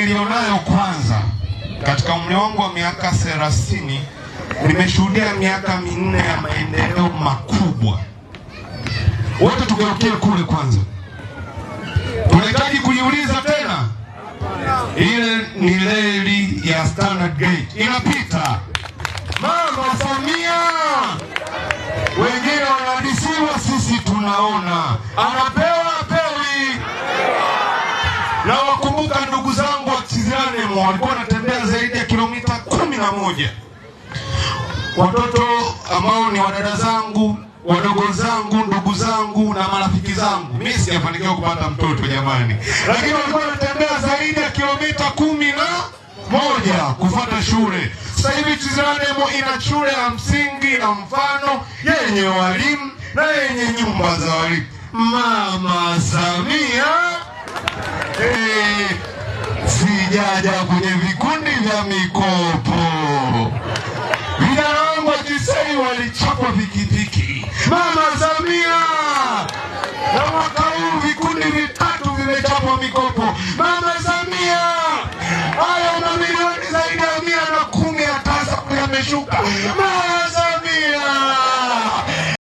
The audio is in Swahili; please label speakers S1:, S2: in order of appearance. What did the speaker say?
S1: nilionayo kwanza, katika umri wangu wa miaka thelathini nimeshuhudia miaka minne ya maendeleo makubwa. Wote tugeukie kule kwanza. Tunahitaji kujiuliza tena, ile ni reli ya Standard Gauge inapita Mama Samia, wengine wanadisiwa, sisi tunaona anapewa apewi na wakumbuka ndugu Panem walikuwa wanatembea zaidi ya kilomita kumi na moja. Watoto ambao ni wadada zangu wadogo zangu ndugu zangu na marafiki zangu, mimi sijafanikiwa kupata mtoto jamani, lakini walikuwa wanatembea zaidi ya kilomita kumi na moja kufuata shule. Sasa hivi Chiziranemo ina shule ya msingi na mfano yenye walimu na yenye nyumba za walimu. Mama Samia hey. Eh, sijaja kwenye vikundi vya mikopo. Vijana wangu wa walichapwa pikipiki, Mama Samia, na mwaka huu vikundi vitatu vimechapwa mikopo, Mama Samia. Haya mamilioni zaidi ya mia na kumi ya TASAF yameshuka